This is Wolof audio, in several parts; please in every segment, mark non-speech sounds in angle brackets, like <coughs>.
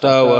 tawa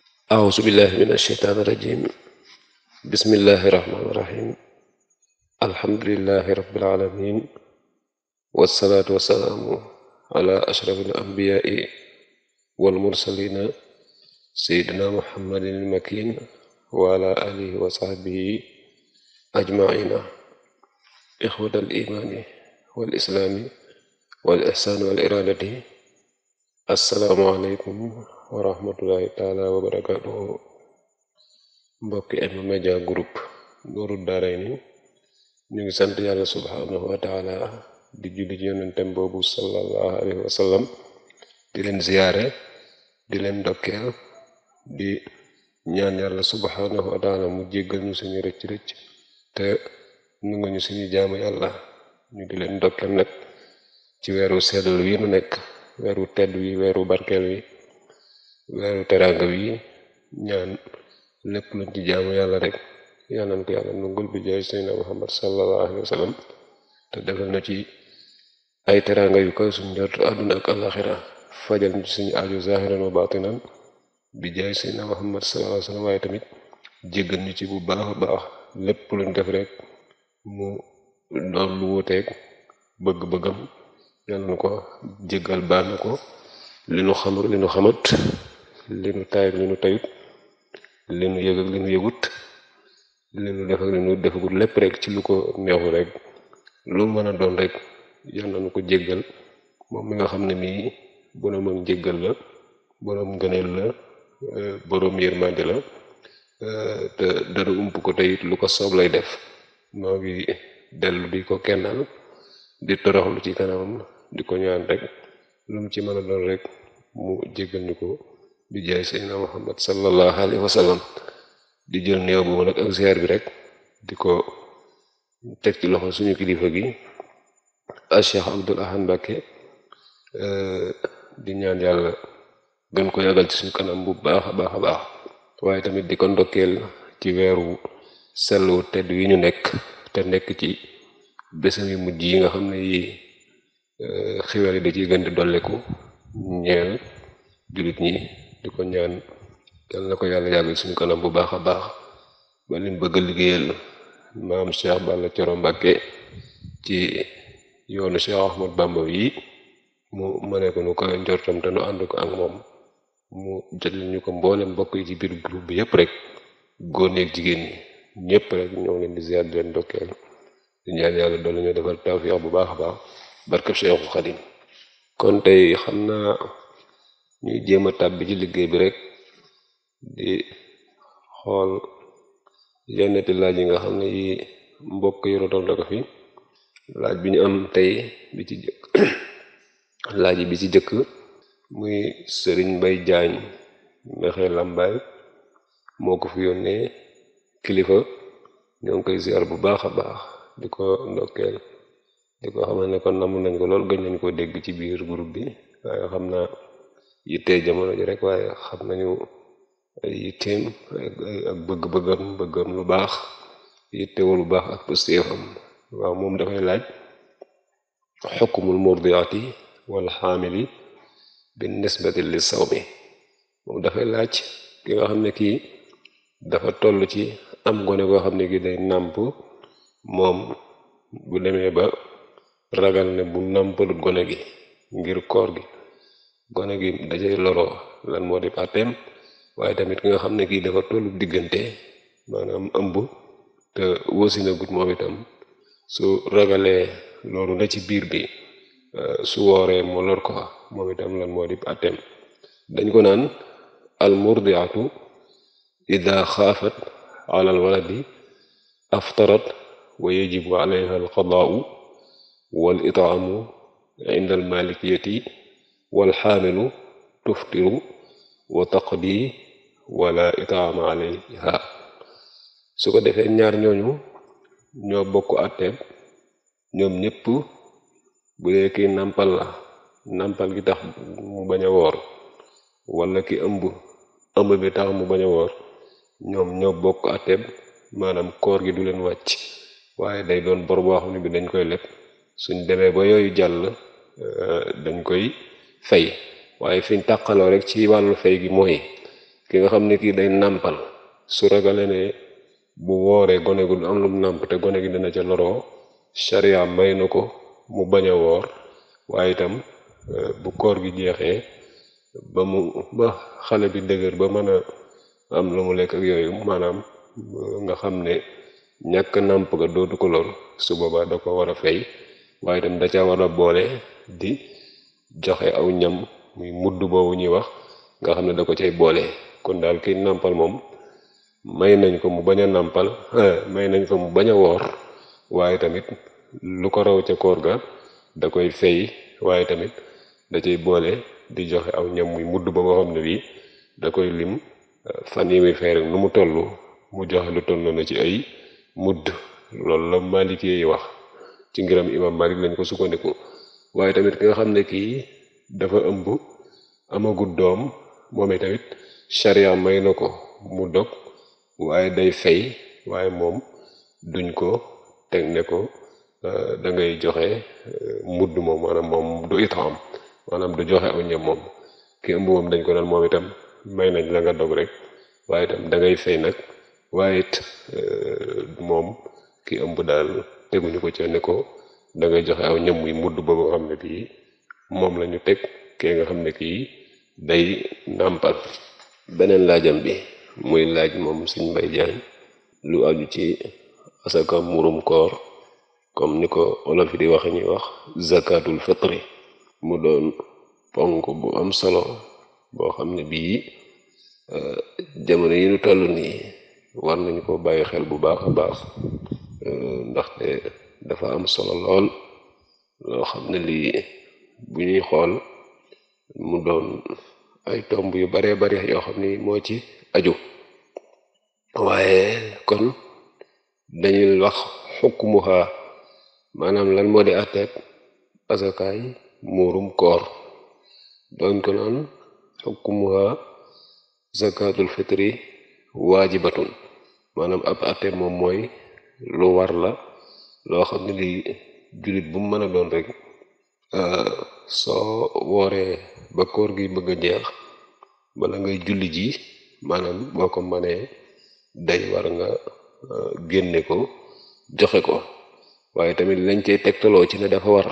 أعوذ بالله من الشيطان الرجيم بسم الله الرحمن الرحيم الحمد لله رب العالمين والصلاة والسلام على أشرف الأنبياء والمرسلين سيدنا محمد المكين وعلى آله وصحبه أجمعين إخوة الإيمان والإسلام والإحسان والإرادة asalaamualeykum wa rahmatullahi taala wa mbokki M Media Group Nuuru Daarayni ñu ngi sant yàlla subhanahu wa taala di julli ci yonentem boobu sallallahu alayhi wa di leen ziyaare di leen ndokkeel di ñaan yàlla subhanahu wa taala mu jéggal ñu suñu rëcc-rëcc te nu nga ñu suñu jaamu yàlla ñu di leen ndokkeel nag ci weeru seddal wi nu nekk weeru tedd wi weeru barkeel wi weeru teraanga wi ñaan lépp luñ ci jaamu yàlla rek yaanan ko yàlla nungul bi jaay seydina muhammad sallallahu alayhi te defal na ci ay teraanga yu koy suñ njort àdduna ak alaxira fajal ci suñu aju zahiran wa batinan bi jaay seydina muhammad sallallahu alayhi wa waaye tamit jéggal ñu ci bu baax a baax lépp luñ def rek mu doon lu wuteeg bëgg-bëggam yal nu ko jéggal baal ko li nu xam li xamat li nu taay li nu tayut li nu yëg li nu yëgut li nu def ak li nu defagut lépp rekk ci lu ko neexu rek lu mën a doon rek yal na nu ko jéggal moom mi nga xam ne mii borom ak jéggal la borom ngëneel la euh, borom yërmande la euh, te dara ump ko teyit lu ko soob lay def noo ngi dellu di ko kennal di toroxlu ci kanamam di ko ñaan rek lu ci mën a rek mu jéggal ñu ko di jaay Seydina Muhammad sallallahu alayhi wa di jël néew boobu nag ak ziar bi rek di ko teg ci loxo suñu kilifa gi ak Cheikh Abdoul euh, di ñaan yàlla gën ko yàggal ci suñu kanam bu baax a baax a baax waaye tamit di ko ndokkeel ci weeru sellu tedd wi ñu nekk te nekk ci bésam yu mujj yi nga xam ne yi euh, xiwal yi da ciy gën di dolleku ñeel jullit ñi di ko ñaan yal na ko yàlla yàggal suñu kanam bu baax a baax ba leen bëgg liggéeyal maam Cheikh Balla Coro Mbàkke ci yoonu Cheikh Ahmad Bamba yi mu mëne nu ko njortam te nu ànd ko moom mu jot ñu ko mboolem mbokk yi ci biir groupe bi yëpp rek góor ñeeg jigéen ñi ñëpp rek ñoo leen di ziar di leen di ñaan yàlla doolu ñu defal tawfiq bu baax a baax barkab Seexul Xadim kon tey xam naa ñuy jéem a bi ci liggéey bi rek di xool yenn ti laaj yi nga xam ne yi mbokk yi rotal da ko fi laaj bi ñu am tey bi ci jëkk <coughs> laaj bi ci jëkk muy sëriñ bay Jaañ mexe làmbaay moo ko fi yónnee kilifa ñoo ngi koy ziar bu baax a baax di ko ndokkeel di ko xamal ne kon namm nañ ko lool gëj nañ koo dégg ci biir groupe bi waaye xam naa yittee jamono ji rek waaye xam nañu yitteem ak bëgg-bëggam bëggam lu baax yittewoo lu baax ak pëstéefam waaw moom dafay laaj xukkumul murdiati wal xaamili bi nisbati moom dafay laaj ki nga xam ne kii dafa toll ci am gone koo xam ne gi day nàmp moom bu demee ba ragal ne bu nàmpalut gone gi ngir koor gi gone gi dajay loro lan moo di parteem waaye tamit ki nga xam ne kii dafa tollu diggante maanaam ëmb te wóosina gut moom itam su ragalee loolu la ci biir bi euh, su wooree moo lor ko moom itam lan moo di àtteem dañ ko naan almurdiatu ida xaafat alal waladi aftarat wa yajibu alayha alqadaau wal itaamu inda almalikiyati wal xaamilu tuftiru wa taqdi wala itaama alayha su ko defee ñaar ñooñu ñoo bokk àtteeb ñoom ñépp bu dee nàmpal la nàmpal gi tax mu bañ a woor wala ki ëmb ëmb bi tax mu bañ a woor ñoom ñoo bokk àtteeb maanaam koor gi du leen wàcc waaye day doon bor boo xam bi dañ koy leb suñ demee ba yooyu jàll euh, dañ koy fay waaye fiñ tàqaloo rek ci wàllu fay gi mooy ki nga xam ne kii day nàmpal su ragalee ne bu wooree gone gu am lu mu nàmp te gone gi dina ca loroo charia may na ko mu bañ a woor waaye itam euh, bu koor gi jeexee ba mu ba xale bi dëgër ba mën a am lu mu lekk ak yooyu maanaam euh, nga xam ne ñàkk nàmp ga dootu ko lor su boobaa da ko war a fay waaye itam da caa war a boole di joxe aw ñam muy mudd boobu ñuy wax nga xam ne da ko cay boole kon daal kiy nàmpal moom may nañ ko mu bañ a nàmpal eh, may nañ ko mu bañ a woor waaye tamit lu ko raw ca koor ga da koy fay waaye tamit da cay boole di joxe aw ñam muy mudd ba nga xam ne bii da koy lim eh, fan yi muy fay rek nu mu toll mu joxe lu toll noonu ci ay mudd loolu la maalikee yi wax ci ngiram imam malik lañ ko sukkandiku waaye tamit ki nga xam ne kii dafa ëmb amagul doom moom tamit charia may na ko mu dog waaye day fay waaye moom duñ ko teg ne ko euh, da joxe euh, mudd moom maanaam moom du itam du joxe aw ñam moom ki dañ ko naan moom itam may nañ la nga dog rek waaye itam da ngay fay nag waaye it eh, moom ki ëmb daal teguñu ko ca ne ko da ngay joxe aw ñam muy mudd boobu nga xam ne bii moom la ñu teg kee nga xam ne kii day nàmpal beneen laajam bi muy laaj moom suñ mbay jaan lu aju ci asaka murum koor comme ni ko olof yi di waxe ñuy wax zakatul fitri mu doon ponk bu am solo boo xam ne bii eh, jamono yi ñu toll nii war nañ ko bàyyi xel bu baax a baax euh, ndaxte dafa am solo lool loo xam ne lii bu ñuy xool mu doon ay tomb yu baree bari yoo xam ni moo ci aju waaye kon dañuy wax xukmuha maanaam lan moo di àtteeg asakaay muurum koor doon ko naan xukmuha zakatul fitri waajibatun maanaam ab atte moom mooy lu war la loo xam ne lii jullit bu mu mën a doon rek euh, soo wooree ba koor gi bëgg a jeex bala ngay julli ji maanaam boo ko mënee day war nga euh, génne ko joxe ko waaye tamit lañ cay tegtaloo ci ne dafa war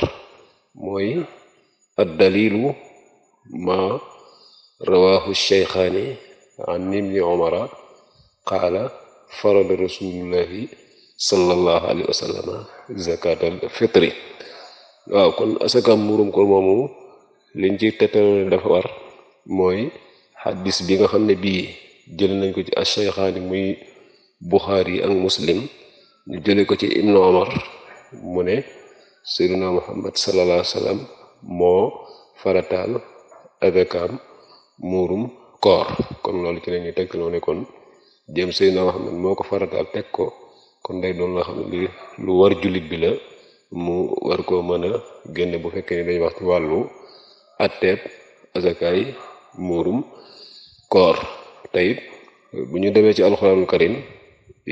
mooy ad dalilu ma rawaahu cheykhaani an ibni omara qaala farada rasulullahi sallallahu alayhi wa sallama zakatal fitri waaw kon asaka murum ko moomu liñ ci tettaloon dafa war mooy xaddis bi nga xam ne bii jël nañ ko ci ash-shaykhaani muy buxaari yi ak muslim ñu jële ko ci ibnu omar mu ne seyduna muhammad sallallahu alayhi moo farataal azakaam muurum koor kon loolu ci la ñuy tegtaloo ne kon jëm Seydina Muhammad moo ko farataal teg ko kon day doon la xam ne lu war jullit bi la mu war koo mën a génne bu fekkee ne dañuy wax ci wàllu atteeb azakaay muurum koor tey bu ñu demee ci alxuraanul karin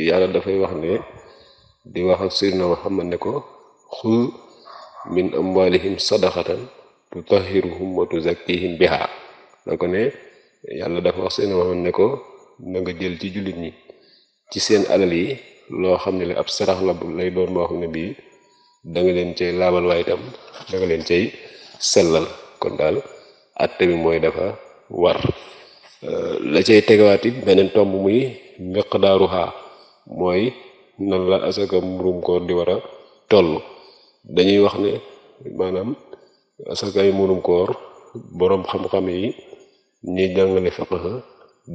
yàlla dafay wax ne di wax ak Seydina Muhammad ne ko xul min amwalihim sadaxatan tutahhiruhum wa tuzakkihim biha da ko ne yàlla dafa wax Seydina Muhammad ne ko na nga jël ci jullit ñi ci seen alal yi loo xam ne la ab sarax la lay doon boo xam ne bii danga leen cay laabal waaye itam danga nga leen cay sellal kon daal atte bi mooy dafa war euh, la cay tegawaat it beneen tomb muy miqdaaruha mooy nan la asaka mburum koor di war a toll dañuy wax ne maanaam asakay mburum koor boroom xam-xam yi ñuy jàngale fiqh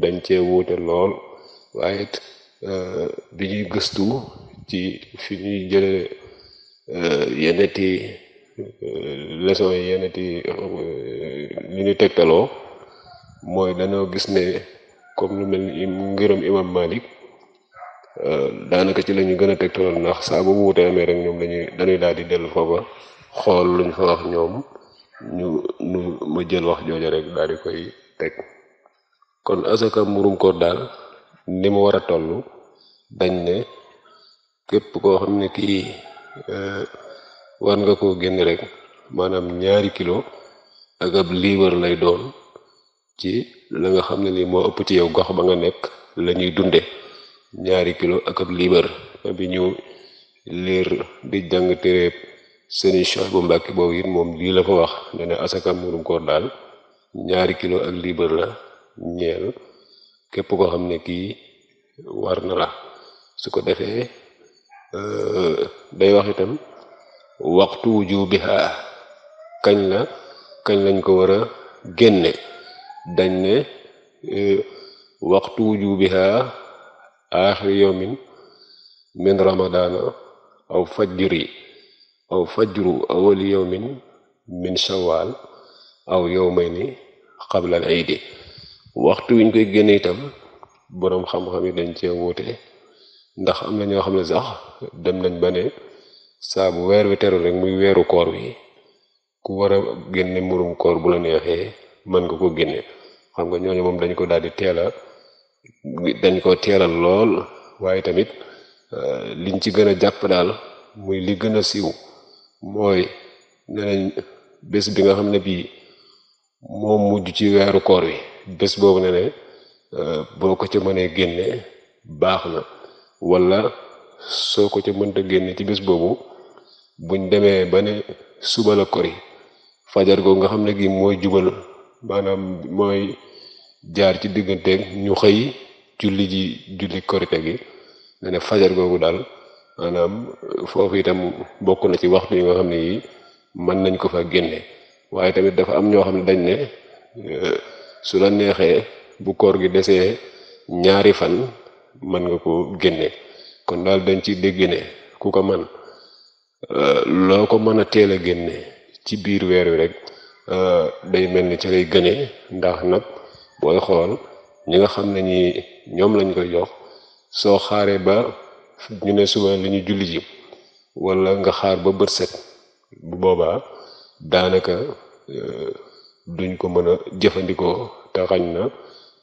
dañ cee wuute lool waaye it bi euh, ñuy gëstu ci fi ñuy jële euh, yeneti euh, leçon yi yeneti ñu ñu tegtaloo mooy dañoo gis ne comme lu mel ni ngërëm imam Malik daanaka ci la ñu gën a tegtaloon ndax saa bu mu wutee amee rek ñoom dañuy dañuy daal di dellu foofa xool luñ fa wax ñoom ñu nu ma jël wax jooja rek daal di koy teg kon asaka mburum koor daal ni mu war a tollu dañ ne képp koo xam ne kii euh, war nga koo génne rek maanaam ñaari kilo ak ab liibar lay doon ci la nga xam ne ni moo ëpp ci yow gox ba nga nekk la ñuy dunde ñaari kilo ak ab liibar bi ñu liir di jàng téréb seeni choy bu mbàkki boobu it moom lii la fa wax ne ne asaka mburum koor daal ñaari kilo ak liibar la ñeel képp koo xam ne kii war na la su ko defee day wax itam waxtu wujubiha kañ la kañ lañ ko war a génne dañ ne waxtu wujubiha aaxiri yawmin min ramadana aw fajri aw fajru awali yawmin min shawal aw yawmayni qabla al waxtu wiñ koy génne itam boroom xam-xam yi dañ cee wuute ndax am na ñoo xam ne sax dem nañ ba ne saa bu weer wi teru rek muy weeru koor wi ku war a génne murum koor bu la neexee mën nga koo génne xam nga ñooñu moom dañ ko daal di teela dañ koo teelal lool waaye tamit euh, liñ ci gën a jàpp daal muy li gën a siiw mooy ne nañ bés bi nga xam ne bii moom mujj ci weeru koor wi bés boobu ne ne euh, boo ko ca mënee génne baax na wala soo ko ca mënta génne ci bés boobu buñ demee ba ne suba la kori fajar googu nga xam ne gi mooy jubal maanaam mooy jaar ci digganteeg ñu xëy julli ji julli korite gi ne ne fajar googu daal maanaam foofu itam bokk na ci waxtu yi nga xam ne yi mën nañ ko fa génne waaye tamit dafa am ñoo xam ne dañ ne euh, su la neexee bu koor gi desee ñaari fan mën nga ko génne kon daal dañ ci dégg ne ku ko man euh, loo ko mën a teel a génne ci biir weer wi rek euh, day mel ni ci lay gënee ndax nag booy xool ñi nga xam ne ñi ñoom lañ koy jox soo xaaree ba ñu ne suba li ñu julli ji wala nga xaar ba bët set bu boobaa daanaka euh, duñ ko mën a jëfandikoo te xañ na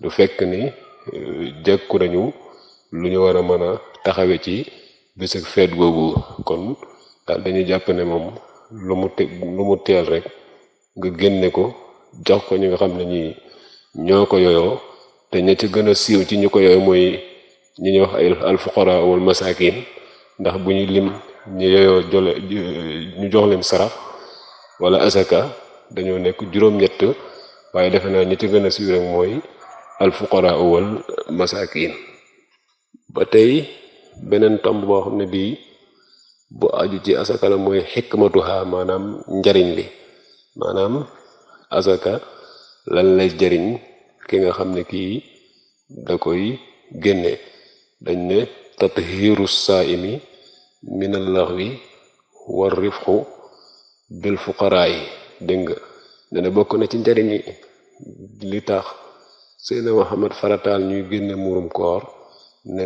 du fekk ni euh, jekku nañu lu ñu war a mën a taxawe ci bés ak feet googu kon daal dañuy jàpp ne moom lu mu te lu mu teel rek nga génne ko jox ko ñi nga xam ne ñi ñoo ko yoyo te ña ci gën a siiw ci ñu ko yooyu mooy ñu ñuy wax ay alfuqara wal masakin ndax bu ñu lim ñu yooyoo jole ñu jox leen sarax wala asaka dañoo nekk juróom-ñett waaye defe naa ñi ci gën a siiw rek mooy alfuqara wal masakin ba tey beneen tomb boo xam ne bii bu aju ci asaka la mooy xikmatuha maanaam njariñ li maanaam asaka lan lay jariñ ki nga xam ne kii da koy génne dañ ne tathiru saaimi min allaxwi war rifqu bil fuqaraa yi dégg nga ne bokk na ci njariñ li tax Seydina Muhammad farataal ñuy génne muurum koor ne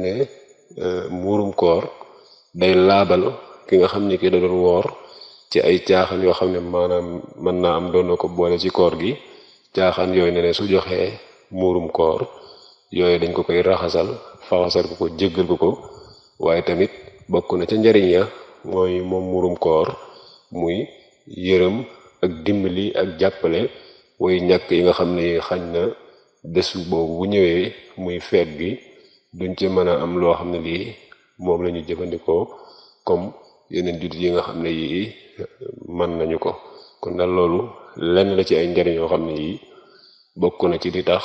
e, muurum koor day laabal ki nga xam ne ki da woor ci ay caaxaan yoo xam ne mën naa am doon ko boole ci koor gi caaxaan yooyu ne su joxee muurum koor yooyu dañ ko koy raxasal faxasal ko ko jéggal ko ko waaye tamit bokk na ca njariñ ya mooy moom muurum koor muy yërëm ak dimbali ak jàppale woy ñàkk yi nga xam ne xañ na desu boobu bu ñëwee muy feet gi duñ ci mën a am loo xam ne lii moom la jëfandikoo comme yeneen jullit yi nga xam ne yi mën nañu ko kon daal loolu lenn la ci ay njariñ yoo xam ne yii bokk na ci di tax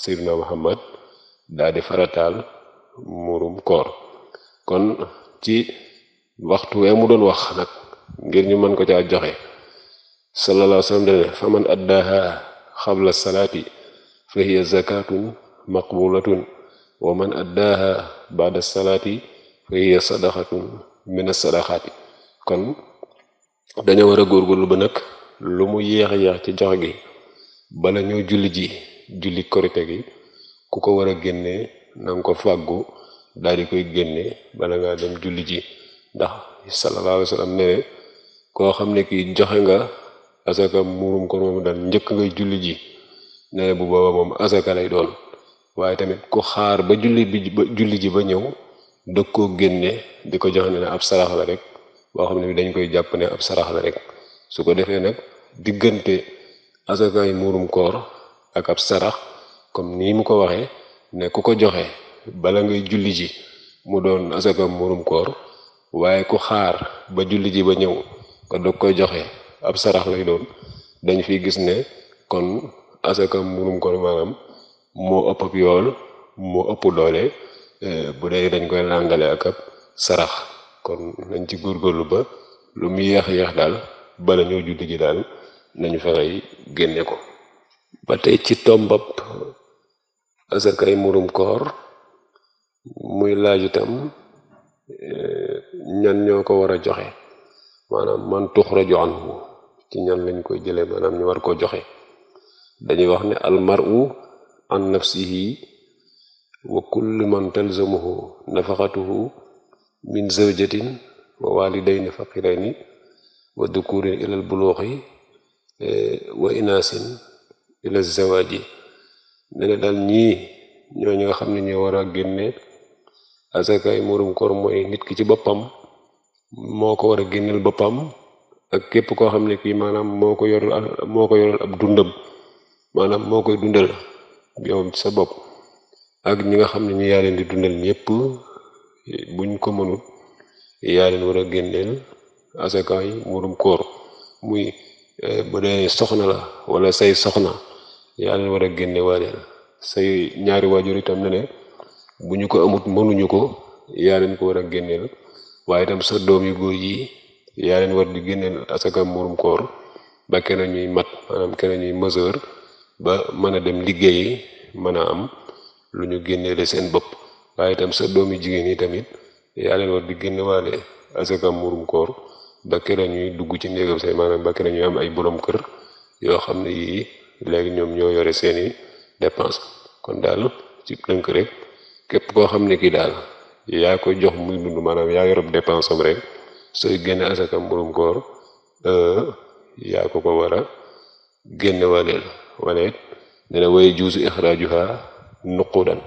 Seydina Muhammad daal di farataal muurum koor kon ci waxtu we mu doon wax nag ngir ñu mën ko caa joxe sallallahu alayhi wa sallam dane faman addaaha xabla salaati fa hiya zakatun maqbulatun wa man addaaha baada salaati fa hiya sadaqatun min as-sadaqaati kon dañoo war a góorgóorlu ba nag lu mu yéex yéex ci joxe gi bala ñoo julli ji julli korite gi ku ko war a génnee na nga ko fàggu daal di koy génne bala ngaa dem julli ji ndax sallallahu alayhi wa ne koo xam ne kii joxe nga asaka muurum ko moom daal njëkk ngay julli ji ne bu booba moom asaka lay doon waaye tamit ku xaar ba julli julli ji ba ñëw dëkk koo génne di ko jox ab sarax la rek boo xam ne bi dañ koy jàpp ne ab sarax la rek su ko defee nag diggante asakaay muurum koor ak ab sarax comme nii mu ko waxee ne ku ko joxe bala ngay julli ji mu doon asaka muurum koor waaye ku xaar ba julli ji ba ñëw nga dog koy joxe ab sarax lay doon dañ fi gis ne kon asaka mburum kon maanaam moo ëpp ab yool moo ëpp doole eh, bu dee dañ koy làngale ak ab sarax kon nañ ci góorgóorlu ba lu mu yéex yéex daal bala ñoo juddi ji daal nañu fexey génne ko ba tey ci tombab asakay murum koor muy laaj itam eh, ñan ñoo ko war a joxe maanaam man tuxraju anhu ci ñan lañ koy jëlee maanaam ñu war koo joxe dañuy wax ne almaru an nafsihi wa kullu man talzamuhu nafaqatuhu min zawjatin wa walidayni faqirayni wa dukurin ilal buluuxi eh, wa inaasin ilal zawaaji ne ne daal ñii ñoo ñi nga xam ne ñuy war a génne asakaay murum koor mooy nit ki ci boppam moo ko war a génneel boppam ak képp koo xam ne kii maanaam moo ko yorul moo ko yorul ab dundam maanaam moo koy dundal yow sa bopp ak ñi nga xam ne ñu yaa leen di dundal ñëpp buñ ko mënul yaa war a génneel asakaay murum koor muy eh, bu soxna la wala say soxna yaa war a génne say ñaari waajur itam ne ne ñu ko amut mënuñu ko yaa leen ko war a génneel waaye itam sa doom yu góor yaa leen war di génneel asaka muurum koor ba kenn ñuy mat maanaam kenn ñuy mesure ba mën a dem liggéey mën a am lu ñu génneele seen bopp waaye itam sa doomi jigéen yi tamit yaa leen war di génnewaale asaka muurum koor ba kenn ñuy dugg ci néegam say maanaam ba kenn ñuy am ay borom kër yoo xam ne yii léegi ñoom ñoo yore seeni dépense kon daal ci tënk rek képp koo xam ne kii daal yaa koy jox muy dund maanaam yaa yorob dépense am rek sooy génne asaka mburum koor euh, yaa ko ko war génne waleel wala it dana way juusu ixraajuha nuqudan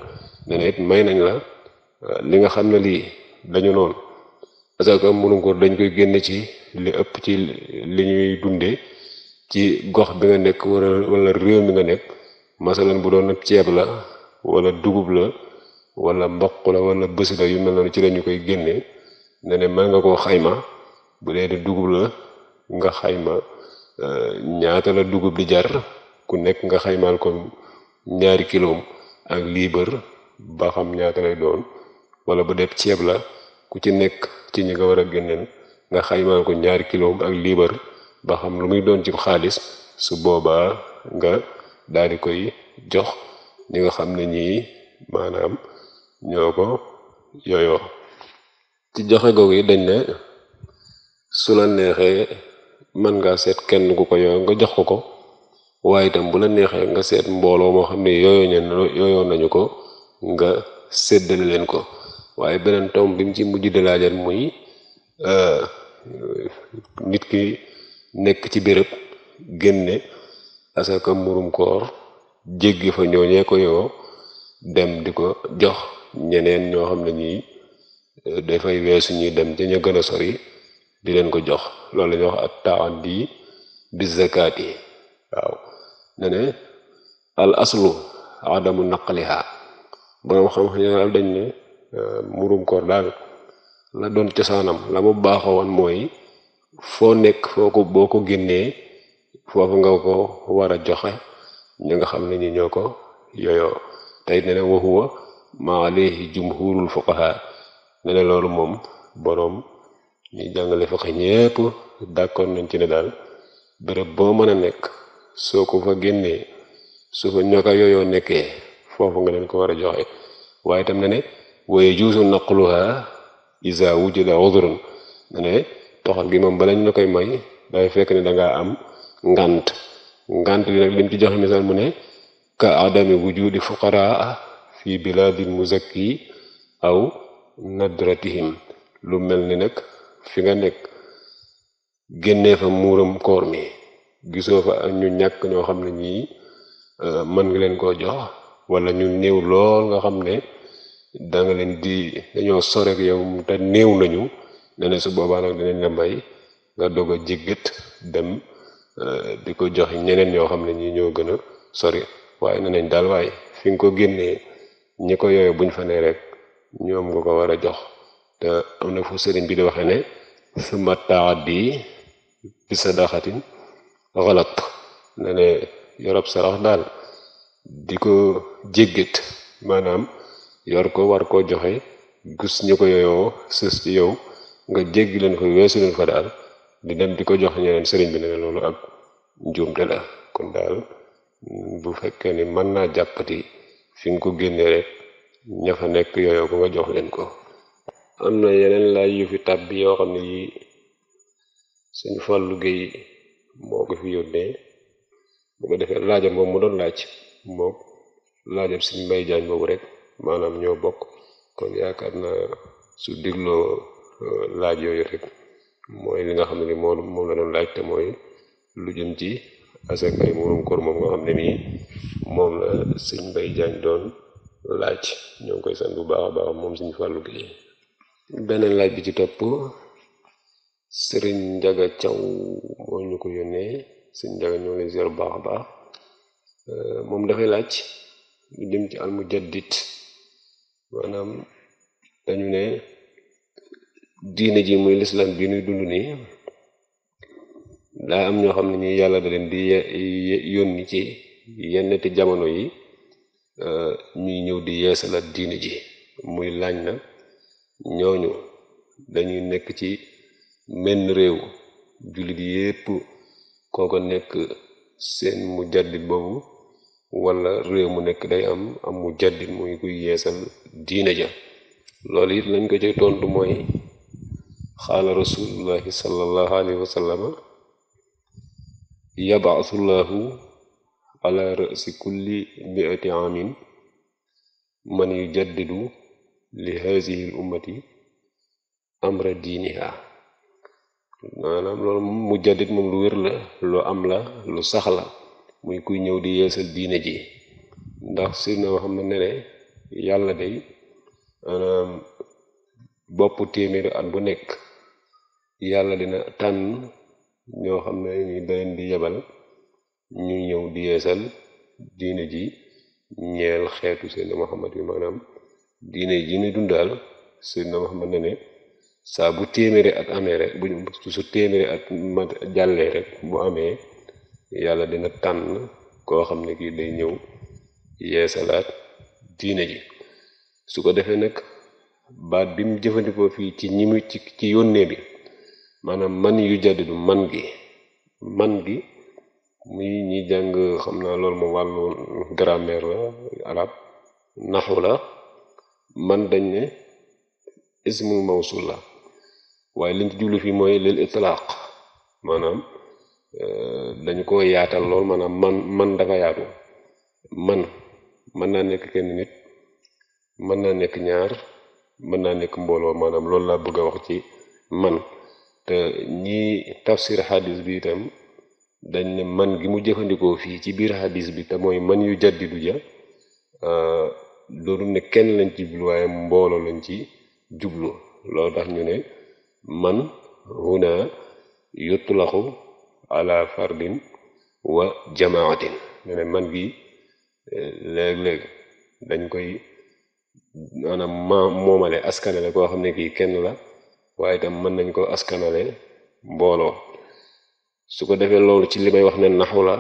dana it may nañ la euh, li nga xam ne lii dañu noonu asaka mburum koor dañ koy génne ci li ëpp ci li ñuy dundee ci gox bi nga nekk wala wala réew mi nga nekk masalan bu doon ceeb la wala dugub la wala mboq la wala bës la yu mel noonu ci lañu koy génne ne ne mën nga koo xayma bu dee di dugub la nga xayma euh, ñaata la dugub di jar ku nekk nga xaymaal ko ñaari kiloom ak liibar ba xam ñaata doon wala bu dee ceeb la ku ci nekk ci ñi nga war a génneel nga xaymaal ko ñaari kilom ak liibar ba xam lu muy doon ci xaalis su boobaa nga daal koy jox ñi nga xam ne ñii maanaam ñoo ko yooyoo ci joxe googu yi dañ ne su la neexee mën ngaa seet kenn ku ko yooyu nga jox ko ko waaye itam bu la neexee nga seet mbooloo moo xam ne yooyoo ñen yooyoo nañu ko nga seddale leen ko waaye beneen tom bi ci mujj di laajal muy euh, nit ki nekk ci béréb génne asaka murum koor jéggi fa ñooñee ko yoo dem di ko jox ñeneen ñoo xam ne ñii dafay weesu ñuy dem ca ña gën a sori di leen ko jox loolu la wax ak taaddi bi zakaat yi waaw ne ne al aslu adamu naqliha borom xam-xam ne daal dañ ne euh, murum koor daal la doon cosaanam la mu baaxoo woon mooy foo nekk foo ko boo ko génnee foofu nga ko war a joxe ñu nga xam ne ñu ñoo ko yooyoo tey ne ne wa huwa jumhurul fuqaha ñu loolu moom boroom ñuy jàngale fiq ñépp d'accord nañ ci ne daal béréb boo mën a nekk soo ko fa génnee su fa ñokka yooyoo nekkee foofu nga leen ko war a joxe waaye tam ne ne wa yajuuzu naqluha iza wujida udhrun ne ne toxal gi moom bala ñu la koy may fekk ne da am ngant ngant li nag lim ci joxe misaal mu ne ka adami wujudi fuqaraa fi biladil muzakki aw nadratihim lu mel ni nag fi nga nekk génnee fa muuram koor mi gisoo fa ñu ñàkk ñoo xam ne ñii euh, man nga leen koo jox wala ñu néew lool nga xam ne da nga leen di dañoo sorek yow te néew nañu ne ne su boobaa nag dinañ la may nga doog a jiggat dem euh, di ko jox ñeneen ñoo xam ne ñii ñoo gën a sori waaye ne nañ daal waaye fi nga ko génnee ñi ko yooyu buñ fa nee rek ñoom nga ko war a jox te am na fu sëriñ bi di waxe ne suma taaddi bi sadaxatin xalat ne ne yorob sarax daal di ko jéggit maanaam yor ko war koo joxe gus ñu ko yooyoo sës yow nga jéggi leen ko weesu leen fa daal di dem di ko jox ñeneen sëriñ bi ne loolu ak njuumte la kon daal bu fekkee ni mën naa jàppati fi nga ko génnee rek ña fa nekk yooyu ko nga jox leen ko am na yeneen laaj yu fi tàbb yoo xam ne yi suñu fàllu géey moo ko fi yónnee bu ko defee laajam boobu mu doon laaj moom laajam suñu mbay jaañ boobu rek maanaam ñoo bokk kon yaakaar na su digloo euh, laaj yooyu rek li nga xam ne ni moom la doon laaj te mooy lu jëm ci asakay moom koor moom nga xam ne nii moom la sëñ Mbay Jaañ doon laaj ñoo koy sant bu baax baax moom suñu fàllu gi beneen laaj bi ci topp sëriñ njaga caw moo ñu ko yónnee sëriñ njaga ñoo lay ziar bu baax a baax euh, moom dafay laaj lu jëm ci almujaddit maanaam dañu ne diine ji muy lislam bi nuy dund nii daa am ñoo xam ne ñi yàlla da leen di yónni ci yenn ti jamono yi Euh, ñuy ñëw di yeesalaat diine ji muy laañ na ñooñu dañuy nekk ci menn réew jullit yépp kooko nekk seen mu jaddit boobu wala réew mu nekk day am am mu jaddit muy kuy yeesal diine ja loolu it lañ ko ci tontu mooy xaala rasulullahi sallallahu alayhi wa ala rasi kulli miati amin man yujaddidu li hazihi l ummati amra diiniha maanaam loolu mu jaddit moom lu wér la lu am la lu sax la muy kuy ñëw di yeesal diine ji ndax sirna Muhammad ne ne yàlla day maanaam bopp téeméeri at bu nekk yàlla dina tànn ñoo xam ne ñu daleen di yebal ñu ñëw di yeesal diine ji ñeel xeetu seydna muhammad bi maanaam diine ji ni dundaal seydna muhammad ne ne saa bu téeméeri ak amee rek bu su téeméeri at ma jàllee rek bu amee yàlla dina tànn koo xam ne kii day ñëw yeesalaat diine ji su ko defee nag baat bi mu jëfandikoo fii ci ñi mu ci ci yónnee bi maanaam man yu jaddidu man gi man gi muy ñi jàng xam naa lool moom wàllu grammaire la arab naxu la man dañ ne ismul mawsul la waaye liñ ci jublu fii mooy lil itlaaq maanaam euh, dañu ko yaatal lool maanaam man man dafa yaatu man mën naa nekk kenn nit mën naa nekk ñaar mën naa nekk mbooloo maanaam loolu laa bëgg a wax ci man te ñi tafsir xadis bi itam dañ ne man gi mu jëfandikoo fii ci biir hadis bi te mooy man yu jaddidu ja doolu euh, ne kenn lañ ci jublu waaye mbooloo lañ ci jublu loolu tax ñu ne man huna yutlaqu ala fardin wa jamaatin ñu ne man gi euh, léeg-léeg dañ koy maanaam ma moomale askanale koo xam ne kii kenn la waaye itam mën nañ koo askanale mbooloo su ko defee loolu ci li may wax ne naxu la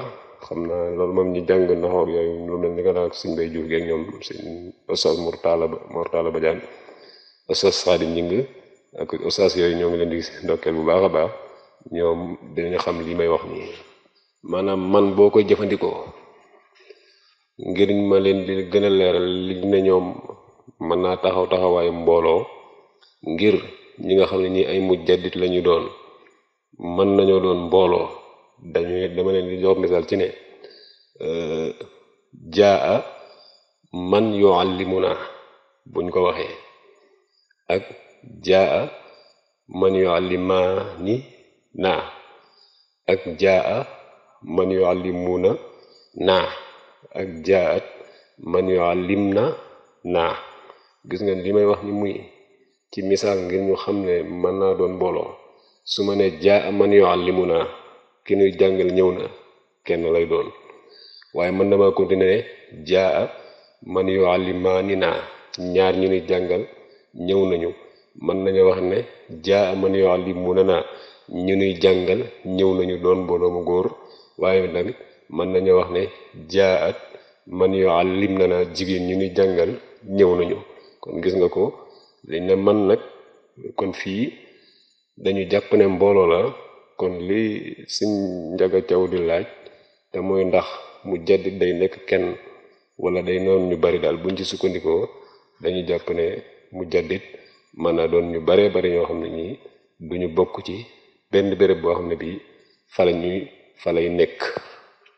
xam naa loolu moom ñu jàng naxoog yooyu lu mel ni ko daal suñ bay juuf geeg ñoom suñ oustaz Mourtala Mourtala Badiane oustaz Sadi Njing ak oustaz yooyu ñoo ngi leen di gis ndokkeel bu baax a baax ñoom dinañu xam li may wax nii maanaam man boo koy jëfandikoo ngir ma leen di gën a leeral li ne ñoom mën naa taxaw taxawaayu mbooloo ngir ñi nga xam ne ñi ay mujjadit la ñu doon mën nañoo doon mbooloo dañuy dama leen di jox misaal ci ne euh, jaa man yuallimuna buñ ko waxee ak jaa man yuallimaani naa ak jaa man yuallimuna naa ak jaat man yuallimna naa gis nga li may wax ni muy ci misaal ngir ñu xam ne mën naa doon mbooloo su ma ne jaa man yuallimuna ki nuy jàngal ñëw na kenn lay doon waaye mën na ma continuer jaa man yuallimaani naa ñaar ñu nuy jàngal ñëw nañu mën nañu wax ne jaa man yuallimuna naa ñu nuy jàngal ñëw nañu doon mbooloo mu góor waaye tamit mën nañu wax ne jaat man yuallim na naa jigéen ñu nuy jàngal ñëw nañu kon gis nga ko dañ ne man nag kon fii dañu jàpp ne mbooloo la kon li suñ njaga caw di laaj te mooy ndax mu jaddit day nekk kenn wala day noonu ñu bari daal buñ ci sukkandikoo dañu jàpp ne mu jaddit mën a doon ñu baree bari yoo xam ne ñii ñu bokk ci benn béréb boo xam ne bii fala ñuy falay nekk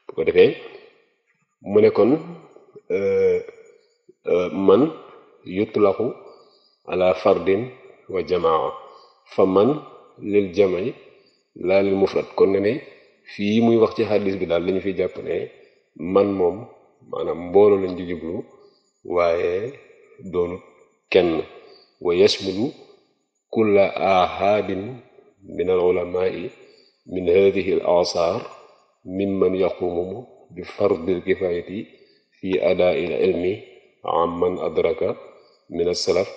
bu ko defee mu ne kon euh, euh, man yutlaqu ala fardin wa jamaa fa man lil jamay laa lil mufrad kon nga ne fii muy wax ci xadis bi daal la ñu fi jàpp ne man moom maanaam mbooloo lañ ci jublu waaye doonut kenn wa yasmulu kulla ahadin min al ulamai min hadihi al min man yaqumu bi fardil kifayati fi adaa il ilmi amman adraka min al salaf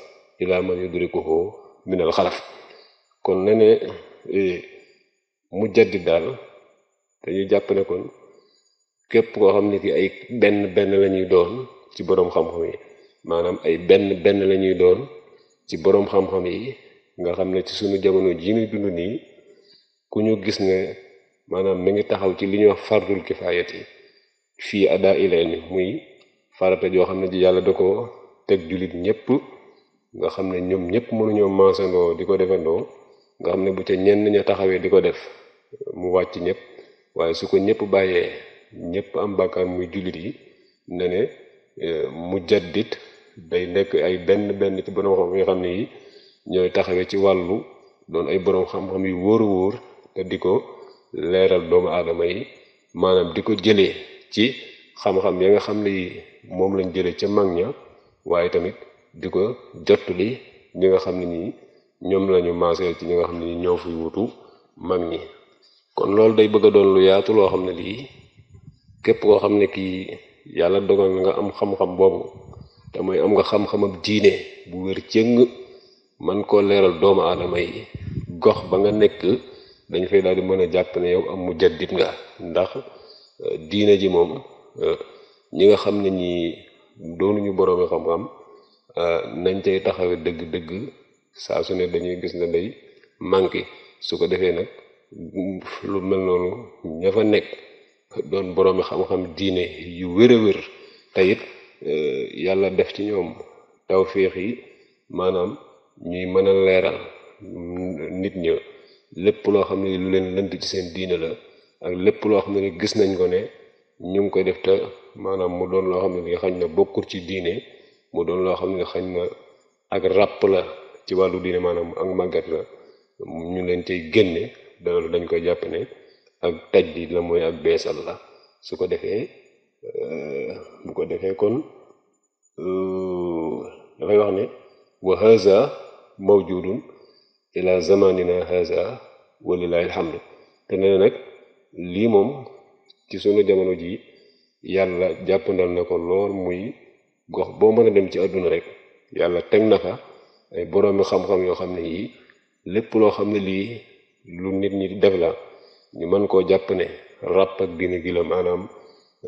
ila man yudrikuhu min al xalaf kon na ne e, mu jaddi daal ñu jàpp ne kon képp koo xam ne ki ay benn benn la ñuy doon ci boroom xam-xam yi maanaam ay benn benn la ñuy doon ci boroom xam yi nga xam ne ci suñu jamono jii ñu dund nii ku ñu gis ne maanaam mi ngi taxaw ci li ñuy wax fardul kifaayat yi fii ada ileen muy farata joo xam ne ji yàlla da ko teg jullit ñépp nga xam ne ñoom ñépp mënuñoo maasandoo di ko defandoo nga xam ne bu ca ñenn ña taxawee di ko def mu wàcc ñëpp waaye su ko ñëpp bàyyee ñëpp am bàkkaar muy jullit yi ne ne mujaddid day nekk ay benn benn ci borom xam xam ne yi ñooy taxawee ci wàllu doon ay borom xam-xam yu wóoruwóor te di ko leeral doomu aadama yi maanaam di ko jëlee ci xam-xam ya nga xam ne yi moom lañ jëlee ca mag ña waaye tamit di ko li ñi nga xam ne nii ñoom lañu maasee ci ñi nga xam ne ñoo fi wutu mag ñi kon loolu day bëgg a doon lu yaatu loo xam ne lii képp koo xam ne kii yàlla dogal na nga am xam-xam boobu te mooy am nga xam-xam ak diine bu wér cëng man koo leeral doomu aadama yi gox ba nga nekk dañ fay daal di mën a jàpp ne yow am mu jaddit nga ndax euh, diine ji moom euh, ñi nga xam ne ñi doonuñu boroomi xam-xam euh, nañ cay taxawe dëgg-dëgg saa su ne dañuy gis ne day manqué su ko defee nag lu mel noonu ña nekk doon boroomi xam-xam diine yu wér wér te e, yàlla def ci ñoom tawféex yi maanaam ñuy mën a leeral nit ña lépp loo xam ne lu leen lënt ci seen diine la ak lépp loo xam ne gis nañ ko ne ñu ngi koy def te maanaam mu doon loo xam ne xañ na bokkul ci diine mu doon loo xam ne xañ na ak ràpp la ci wàllu diine maanaam am màggat la ñu leen tey génne loolu dañ koy jàpp ak taj di la mooy ak beesal la su ko defee euh, bu ko defee kon euh, dafay wax ne wa haza mawjudun ila zamanina haza walilahi alhamdu te nee nag lii moom ci sunu jamono ji yàlla jàppandal na ko lool muy gox boo mën a dem ci àdduna rek yàlla teg na fa ay boroomi xam-xam yoo xam ne yii lépp loo xam ne lii lu nit ñi def la ñu mën koo jàpp ne ràpp ak diine gi maanaam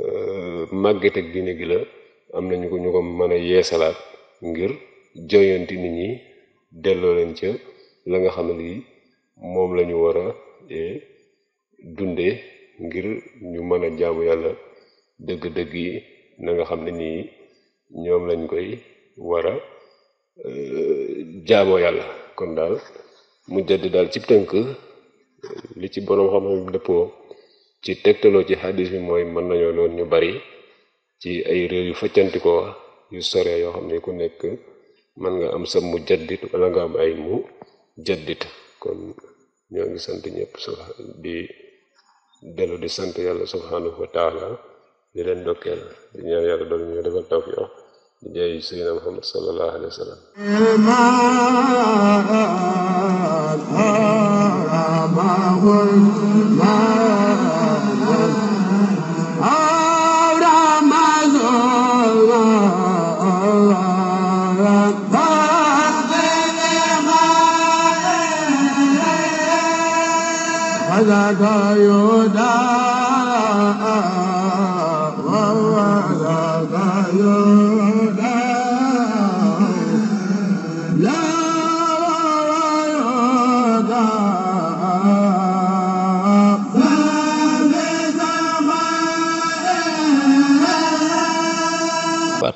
euh, màgget ak diine gi am na ñu ko ñu ko mën a yeesalaat ngir joyanti nit ñi delloo lañ ca la nga xam ne lii moom la ñu war a eh, dunde ngir ñu mën a jaamu yàlla dëgg-dëgg yi na nga xam ne nii ñoom lañ koy war jaamoo yàlla kon daal mu jadd daal ci tënk li ci boroom xam-xam dëppoo ci tegtaloo ci xaddis bi mooy mën nañoo doon ñu bari ci ay réew yu faccantikoo yu sore yoo xam ne ku nekk mën nga am sa mu jaddit wala nga am ay mu jaddit kon ñoo ngi sant ñëpp su di dellu di sant yàlla subhanahu wa taala di leen ndokkeel di ñaan yàlla doon ñu defal tawfiq di jaay Seydina Muhammad sallallahu alayhi wa sallam Yo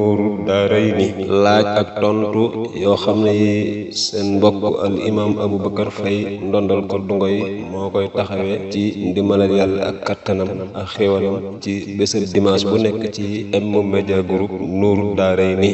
nuuru daarayni laaj ak tontu yoo xam ne yi seen mbokk al imaam Aboubacar Faye ndondal ko dungoy moo koy taxawee ci ndimbalal yàlla ak kattanam ak xéwalam ci bésëb dimanche bu nekk ci M Media Group nuuru daarayni